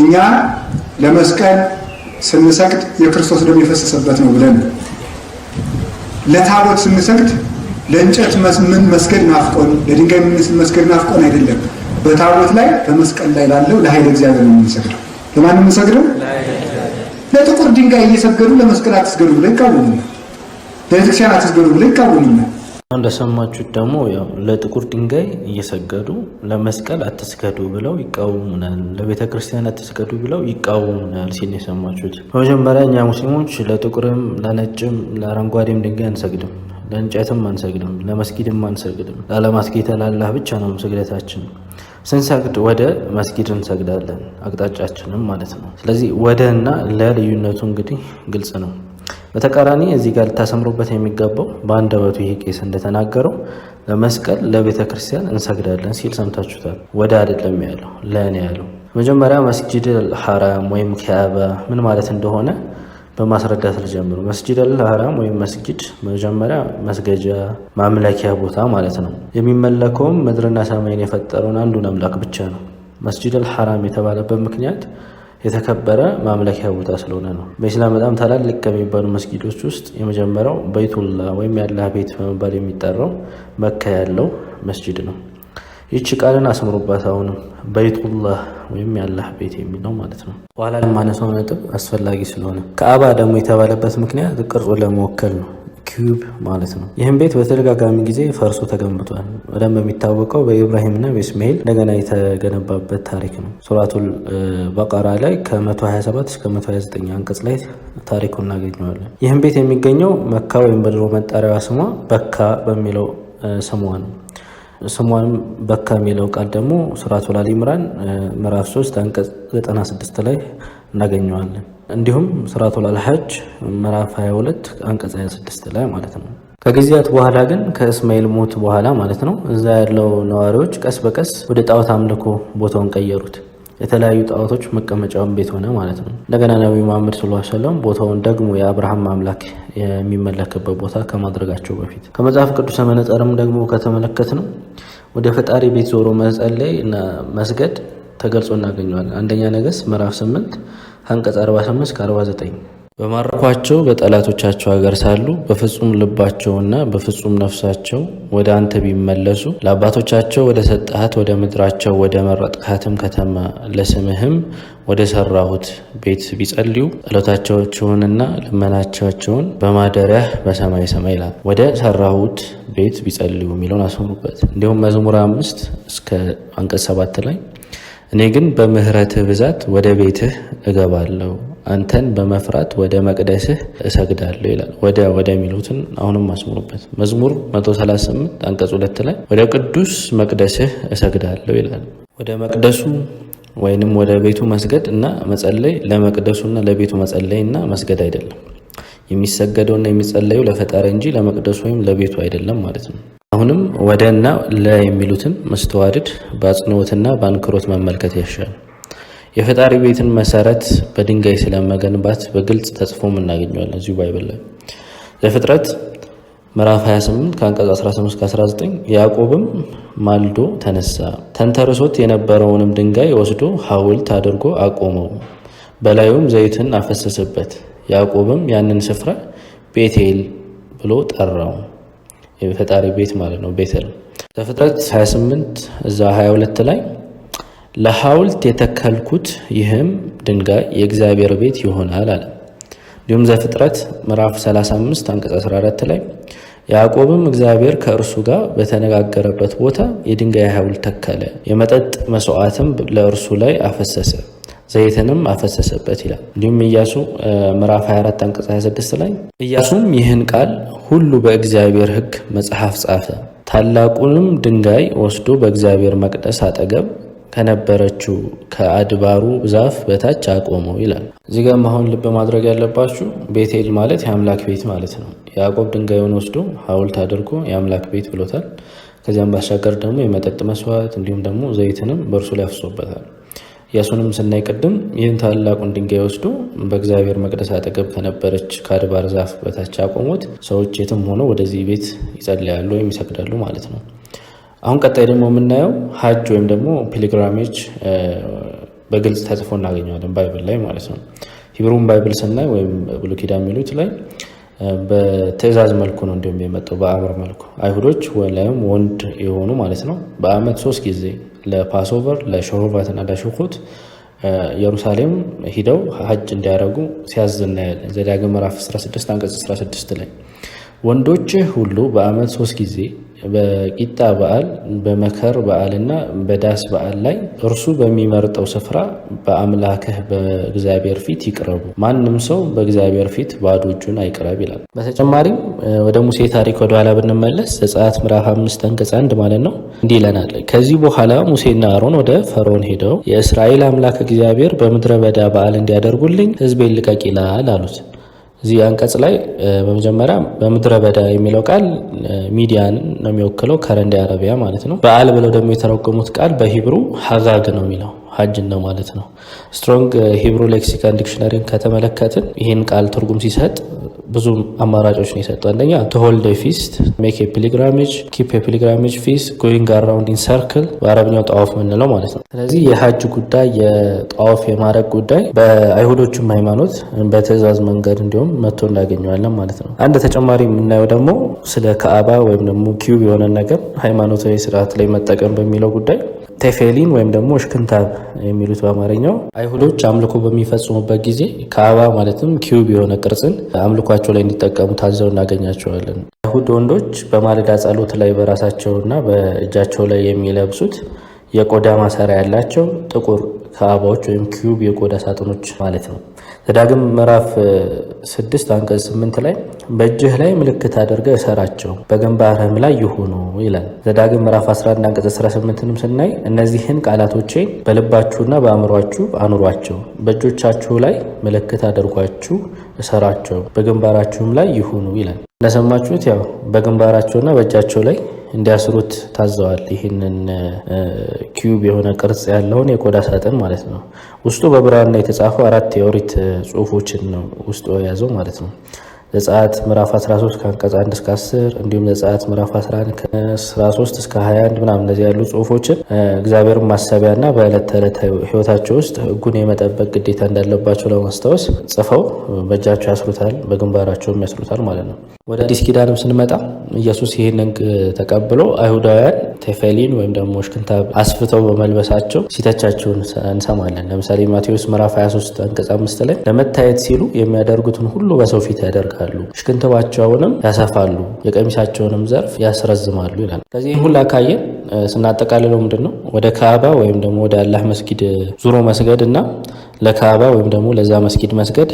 እኛ ለመስቀል ስንሰግድ የክርስቶስ ደም የፈሰሰበት ነው ብለን ለታቦት ስንሰግድ ለእንጨት መስገድ ናፍቆን ለድንጋይ መስገድ ናፍቆን አይደለም። በታቦት ላይ በመስቀል ላይ ላለው ለኃይለ እግዚአብሔር ነው የምንሰግደው። ለማን የምንሰግደው? ለጥቁር ድንጋይ እየሰገዱ ለመስቀል አትስገዱ ብለው ይቃወሙናል። ለቤተክርስቲያን አትስገዱ ብለው ይቃወሙናል። እንደሰማችሁት ደግሞ ለጥቁር ድንጋይ እየሰገዱ ለመስቀል አትስገዱ ብለው ይቃወሙናል፣ ለቤተ ክርስቲያን አትስገዱ ብለው ይቃወሙናል ሲል የሰማችሁት። በመጀመሪያ እኛ ሙስሊሞች ለጥቁርም ለነጭም ለአረንጓዴም ድንጋይ አንሰግድም፣ ለእንጨትም አንሰግድም፣ ለመስጊድም አንሰግድም። ላለማስጌታ ላላህ ብቻ ነው ስግደታችን። ስንሰግድ ወደ መስጊድ እንሰግዳለን፣ አቅጣጫችንም ማለት ነው። ስለዚህ ወደ እና ለልዩነቱ እንግዲህ ግልጽ ነው። በተቃራኒ እዚህ ጋር ልታሰምሩበት የሚገባው በአንደበቱ ይሄ ቄስ እንደተናገረው ለመስቀል ለቤተ ክርስቲያን እንሰግዳለን ሲል ሰምታችሁታል። ወደ አይደለም ያለው ለእኔ ያለው መጀመሪያ መስጂድ ልሐራም ወይም ኪያባ ምን ማለት እንደሆነ በማስረዳት ልጀምሩ። መስጂድ ልሐራም ወይም መስጊድ መጀመሪያ መስገጃ ማምለኪያ ቦታ ማለት ነው። የሚመለከውም ምድርና ሰማይን የፈጠረውን አንዱን አምላክ ብቻ ነው። መስጂድ ልሐራም የተባለበት ምክንያት የተከበረ ማምለኪያ ቦታ ስለሆነ ነው። በኢስላም በጣም ታላልቅ ከሚባሉ መስጊዶች ውስጥ የመጀመሪያው በይቱላ ወይም የአላህ ቤት በመባል የሚጠራው መካ ያለው መስጂድ ነው። ይቺ ቃልን አስምሩባት። አሁንም በይቱላህ ወይም የአላህ ቤት የሚለው ማለት ነው። በኋላ ለማነሳው ነጥብ አስፈላጊ ስለሆነ ከአባ ደግሞ የተባለበት ምክንያት ቅርጹ ለመወከል ነው። ኪዩብ ማለት ነው። ይህም ቤት በተደጋጋሚ ጊዜ ፈርሶ ተገንብቷል። በደንብ የሚታወቀው በኢብራሂምና በኢስማኤል እንደገና የተገነባበት ታሪክ ነው። ሱራቱል በቀራ ላይ ከ127 እስከ 129 አንቀጽ ላይ ታሪኩ እናገኘዋለን። ይህም ቤት የሚገኘው መካ ወይም በድሮ መጠሪያዋ ስሟ በካ በሚለው ስሟ ነው። ስሟንም በካ የሚለው ቃል ደግሞ ሱራቱል አል ኢምራን ምዕራፍ 3 አንቀጽ 96 ላይ እናገኘዋለን። እንዲሁም ሱረቱል አልሐጅ ምዕራፍ 22 አንቀጽ 26 ላይ ማለት ነው። ከጊዜያት በኋላ ግን ከእስማኤል ሞት በኋላ ማለት ነው እዛ ያለው ነዋሪዎች ቀስ በቀስ ወደ ጣዖት አምልኮ ቦታውን ቀየሩት። የተለያዩ ጣዖቶች መቀመጫውን ቤት ሆነ ማለት ነው። እንደገና ነቢ መሐመድ ስለ ሰለም ቦታውን ደግሞ የአብርሃም አምላክ የሚመለክበት ቦታ ከማድረጋቸው በፊት ከመጽሐፍ ቅዱስ መነጸርም ደግሞ ከተመለከት ነው ወደ ፈጣሪ ቤት ዞሮ መጸለይ እና መስገድ ተገልጾ እናገኘዋለን። አንደኛ ነገሥት ምዕራፍ 8 አንቀጽ 48 49 በማረኳቸው በጠላቶቻቸው ሀገር ሳሉ በፍጹም ልባቸውና በፍጹም ነፍሳቸው ወደ አንተ ቢመለሱ ለአባቶቻቸው ወደ ሰጠሃት ወደ ምድራቸው ወደ መረጥካትም ከተማ ለስምህም ወደ ሰራሁት ቤት ቢጸልዩ ጸሎታቸውንና ልመናቻቸውን በማደሪያህ በሰማይ ሰማይ ይላል። ወደ ሰራሁት ቤት ቢጸልዩ የሚለውን አስምሩበት። እንዲሁም መዝሙር አምስት እስከ አንቀጽ ሰባት ላይ እኔ ግን በምህረትህ ብዛት ወደ ቤትህ እገባለሁ፣ አንተን በመፍራት ወደ መቅደስህ እሰግዳለሁ ይላል። ወደ ወደ የሚሉትን አሁንም አስምሩበት። መዝሙር 138 አንቀጽ ሁለት ላይ ወደ ቅዱስ መቅደስህ እሰግዳለሁ ይላል። ወደ መቅደሱ ወይንም ወደ ቤቱ መስገድ እና መጸለይ ለመቅደሱና ለቤቱ መጸለይ እና መስገድ አይደለም። የሚሰገደውና የሚጸለየው ለፈጣሪ እንጂ ለመቅደሱ ወይም ለቤቱ አይደለም ማለት ነው። አሁንም ወደና ለ የሚሉትን መስተዋድድ በአጽንኦትና በአንክሮት መመልከት ያሻል። የፈጣሪ ቤትን መሰረት በድንጋይ ስለመገንባት በግልጽ ተጽፎም እናገኘዋለን እዚሁ ባይብል ላይ ዘፍጥረት ምዕራፍ 28 ከአንቀጽ 18 19 ያዕቆብም ማልዶ ተነሳ፣ ተንተርሶት የነበረውንም ድንጋይ ወስዶ ሐውልት አድርጎ አቆመው፣ በላዩም ዘይትን አፈሰሰበት ያዕቆብም ያንን ስፍራ ቤቴል ብሎ ጠራው። የፈጣሪ ቤት ማለት ነው ቤቴል። ዘፍጥረት 28 እዛ 22 ላይ ለሐውልት የተከልኩት ይህም ድንጋይ የእግዚአብሔር ቤት ይሆናል አለ። እንዲሁም ዘፍጥረት ምዕራፍ 35 አንቀጽ 14 ላይ ያዕቆብም እግዚአብሔር ከእርሱ ጋር በተነጋገረበት ቦታ የድንጋይ ሐውልት ተከለ፣ የመጠጥ መስዋዕትም ለእርሱ ላይ አፈሰሰ። ዘይትንም አፈሰሰበት ይላል። እንዲሁም ኢያሱ ምዕራፍ 24 አንቀጽ 26 ላይ ኢያሱም ይህን ቃል ሁሉ በእግዚአብሔር ሕግ መጽሐፍ ጻፈ። ታላቁንም ድንጋይ ወስዶ በእግዚአብሔር መቅደስ አጠገብ ከነበረችው ከአድባሩ ዛፍ በታች አቆመው ይላል። እዚህ ጋም አሁን ልብ ማድረግ ያለባችሁ ቤቴል ማለት የአምላክ ቤት ማለት ነው። ያዕቆብ ድንጋዩን ወስዶ ሐውልት አድርጎ የአምላክ ቤት ብሎታል። ከዚያም ባሻገር ደግሞ የመጠጥ መስዋዕት እንዲሁም ደግሞ ዘይትንም በእርሱ ላይ አፍሶበታል። ያሱንም ስናይ ቅድም ይህን ታላቁን ድንጋይ ወስዶ በእግዚአብሔር መቅደስ አጠገብ ከነበረች ከአድባር ዛፍ በታች አቆሙት። ሰዎች የትም ሆኖ ወደዚህ ቤት ይጸልያሉ ወይም ይሰግዳሉ ማለት ነው። አሁን ቀጣይ ደግሞ የምናየው ሀጅ ወይም ደግሞ ፒልግራሜጅ በግልጽ ተጽፎ እናገኘዋለን ባይብል ላይ ማለት ነው። ሂብሩን ባይብል ስናይ ወይም ብሉይ ኪዳን የሚሉት ላይ በትእዛዝ መልኩ ነው እንዲሁም የመጣው በአምር መልኩ አይሁዶች ወላይም ወንድ የሆኑ ማለት ነው በአመት ሶስት ጊዜ ለፓስኦቨር ለሾሮባት እና ለሽኩት ኢየሩሳሌም ሂደው ሀጅ እንዲያደረጉ ሲያዝ እናያለን። ዘዳግም ምዕራፍ 16 አንቀጽ 16 ላይ ወንዶች ሁሉ በአመት ሶስት ጊዜ በቂጣ በዓል በመከር በዓልና በዳስ በዓል ላይ እርሱ በሚመርጠው ስፍራ በአምላክህ በእግዚአብሔር ፊት ይቅረቡ፣ ማንም ሰው በእግዚአብሔር ፊት ባዶ እጁን አይቅረብ ይላል። በተጨማሪም ወደ ሙሴ ታሪክ ወደኋላ ብንመለስ ዘጸአት ምዕራፍ አምስት አንቀጽ አንድ ማለት ነው እንዲህ ይለናል። ከዚህ በኋላ ሙሴና አሮን ወደ ፈርዖን ሄደው የእስራኤል አምላክ እግዚአብሔር በምድረ በዳ በዓል እንዲያደርጉልኝ ሕዝቤን ልቀቅ ይላል አሉት። እዚህ አንቀጽ ላይ በመጀመሪያ በምድረ በዳ የሚለው ቃል ሚዲያን ነው የሚወክለው፣ ከረንዲ አረቢያ ማለት ነው። በዓል ብለው ደግሞ የተረጎሙት ቃል በሂብሩ ሀጋግ ነው የሚለው ሀጅን ነው ማለት ነው። ስትሮንግ ሂብሩ ሌክሲካን ዲክሽነሪን ከተመለከትን ይህን ቃል ትርጉም ሲሰጥ ብዙ አማራጮች ነው የሰጠው። አንደኛ ቱ ፊስት ሜክ ፒሊግራሜጅ ኪፕ ፒሊግራሜጅ ፊስ ጎይንግ አራውንድ ኢን ሰርክል በአረብኛው ጠዋፍ የምንለው ማለት ነው። ስለዚህ የሀጅ ጉዳይ የጠዋፍ የማድረግ ጉዳይ በአይሁዶችም ሃይማኖት በትእዛዝ መንገድ እንዲሁም መጥቶ እናገኘዋለን ማለት ነው። አንድ ተጨማሪ የምናየው ደግሞ ስለ ከአባ ወይም ደግሞ ኪዩብ የሆነ ነገር ሃይማኖታዊ ስርዓት ላይ መጠቀም በሚለው ጉዳይ ቴፌሊን ወይም ደግሞ እሽክንታብ የሚሉት በአማርኛው አይሁዶች አምልኮ በሚፈጽሙበት ጊዜ ከአባ ማለትም ኪዩብ የሆነ ቅርጽን አምልኮ ስራቸው ላይ እንዲጠቀሙ ታዘው እናገኛቸዋለን። አይሁድ ወንዶች በማለዳ ጸሎት ላይ በራሳቸውና በእጃቸው ላይ የሚለብሱት የቆዳ ማሰሪያ ያላቸው ጥቁር ከአባዎች ወይም ኪዩብ የቆዳ ሳጥኖች ማለት ነው። ዘዳግም ምዕራፍ 6 አንቀጽ 8 ላይ በእጅህ ላይ ምልክት አድርገህ እሰራቸው በግንባርህም ላይ ይሁኑ ይላል። ዘዳግም ምዕራፍ 11 አንቀጽ 18ንም ስናይ እነዚህን ቃላቶቼ በልባችሁና በአእምሯችሁ አኑሯቸው፣ በእጆቻችሁ ላይ ምልክት አድርጓችሁ እሰራቸው፣ በግንባራችሁም ላይ ይሁኑ ይላል። እንደሰማችሁት ያው በግንባራቸውና በእጃቸው ላይ እንዲያስሩት ታዘዋል። ይህንን ኪዩብ የሆነ ቅርጽ ያለውን የቆዳ ሳጥን ማለት ነው። ውስጡ በብራና የተጻፉ አራት የኦሪት ጽሁፎችን ነው ውስጡ የያዘው ማለት ነው። ዘጸአት ምዕራፍ 13 ከአንቀጽ 1 እስከ 10 እንዲሁም ዘጸአት ምዕራፍ 11 13 እስከ 21 ምናምን እነዚህ ያሉ ጽሁፎችን እግዚአብሔርን ማሰቢያና በዕለት ተዕለት ህይወታቸው ውስጥ ህጉን የመጠበቅ ግዴታ እንዳለባቸው ለማስታወስ ጽፈው በእጃቸው ያስሩታል፣ በግንባራቸውም ያስሩታል ማለት ነው። ወደ አዲስ ኪዳንም ስንመጣ ኢየሱስ ይህን ሕግ ተቀብሎ አይሁዳውያን ቴፌሊን ወይም ደግሞ ሽክንታ አስፍተው በመልበሳቸው ሲተቻቸውን እንሰማለን። ለምሳሌ ማቴዎስ ምዕራፍ 23 አንቀጽ 5 ላይ ለመታየት ሲሉ የሚያደርጉትን ሁሉ በሰው ፊት ያደርጋሉ፣ ሽክንትባቸውንም ያሰፋሉ፣ የቀሚሳቸውንም ዘርፍ ያስረዝማሉ ይላል። ከዚህ ሁላ ካየን ስናጠቃልለው ምንድን ነው ወደ ካዕባ ወይም ደግሞ ወደ አላህ መስጊድ ዙሮ መስገድ እና ለካባ ወይም ደግሞ ለዛ መስጊድ መስገድ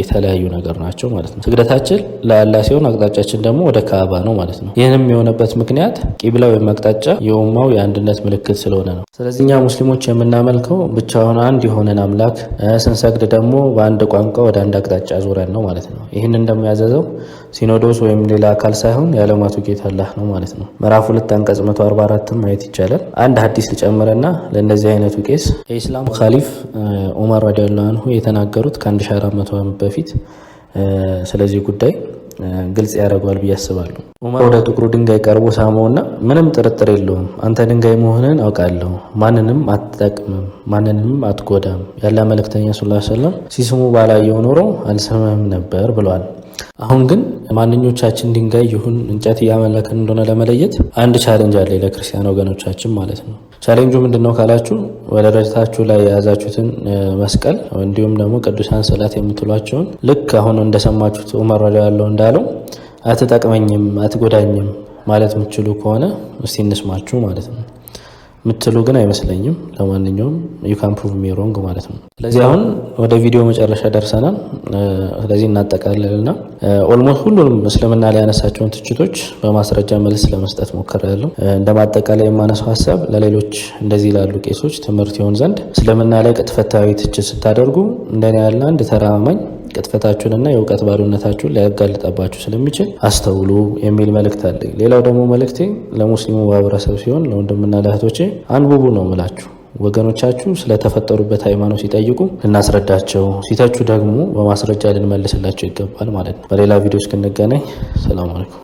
የተለያዩ ነገር ናቸው ማለት ነው። ስግደታችን ለአላ ሲሆን አቅጣጫችን ደግሞ ወደ ካባ ነው ማለት ነው። ይህንም የሆነበት ምክንያት ቂብላ ወይም አቅጣጫ የኡማው የአንድነት ምልክት ስለሆነ ነው። ስለዚህ እኛ ሙስሊሞች የምናመልከው ብቻውን አንድ የሆነን አምላክ፣ ስንሰግድ ደግሞ በአንድ ቋንቋ ወደ አንድ አቅጣጫ ዙረን ነው ማለት ነው። ይህን እንደሚያዘዘው ሲኖዶስ ወይም ሌላ አካል ሳይሆን የዓለማቱ ጌታ አላህ ነው ማለት ነው። ምዕራፍ ሁለት አንቀጽ 144 ማየት ይቻላል። አንድ ሀዲስ ልጨምርና ለእነዚህ አይነቱ ቄስ የኢስላም ካሊፍ ዑመር ዑመር ረዲየላሁ አንሁ የተናገሩት ከ1400 ዓመት በፊት ስለዚህ ጉዳይ ግልጽ ያደርገዋል ብዬ አስባለሁ። ዑመር ወደ ጥቁሩ ድንጋይ ቀርቦ ሳመውና ምንም ጥርጥር የለውም አንተ ድንጋይ መሆንህን አውቃለሁ፣ ማንንም አትጠቅምም፣ ማንንም አትጎዳም። ያለ መልእክተኛ ሰለላሁ ዐለይሂ ሲስሙ ባላየው ኖሮ አልሰማህም ነበር ብሏል። አሁን ግን ማንኞቻችን ድንጋይ ይሁን እንጨት እያመለክን እንደሆነ ለመለየት አንድ ቻሌንጅ አለ ለክርስቲያን ወገኖቻችን ማለት ነው። ቻሌንጁ ምንድን ነው ካላችሁ ወደረታችሁ ላይ የያዛችሁትን መስቀል እንዲሁም ደግሞ ቅዱሳን ስዕላት የምትሏቸውን ልክ አሁን እንደሰማችሁት ዑመር ረዲ ያለው እንዳለው አትጠቅመኝም፣ አትጎዳኝም ማለት የምችሉ ከሆነ እስቲ እንስማችሁ ማለት ነው። ምትሉ ግን አይመስለኝም። ለማንኛውም ዩ ካን ፕሩቭ ሚ ሮንግ ማለት ነው። ስለዚህ አሁን ወደ ቪዲዮ መጨረሻ ደርሰናል። ስለዚህ እናጠቃልልና ኦልሞስት ሁሉንም እስልምና ላይ ያነሳቸውን ትችቶች በማስረጃ መልስ ለመስጠት ሞክሬያለሁ። እንደ ማጠቃላይ የማነሳው ሀሳብ ለሌሎች እንደዚህ ላሉ ቄሶች ትምህርት ይሆን ዘንድ እስልምና ላይ ቅጥፈታዊ ትችት ስታደርጉ እንደኔ ያለ አንድ ተራማኝ ቅጥፈታችሁንና የእውቀት ባዶነታችሁን ሊያጋልጠባችሁ ስለሚችል አስተውሉ የሚል መልእክት አለ። ሌላው ደግሞ መልእክቴ ለሙስሊሙ ማህበረሰብ ሲሆን ለወንድምና ለእህቶቼ አንብቡ ነው ምላችሁ። ወገኖቻችሁ ስለተፈጠሩበት ሃይማኖት ሲጠይቁ ልናስረዳቸው፣ ሲተቹ ደግሞ በማስረጃ ልንመልስላቸው ይገባል ማለት ነው። በሌላ ቪዲዮ እስክንገናኝ ሰላም አለይኩም።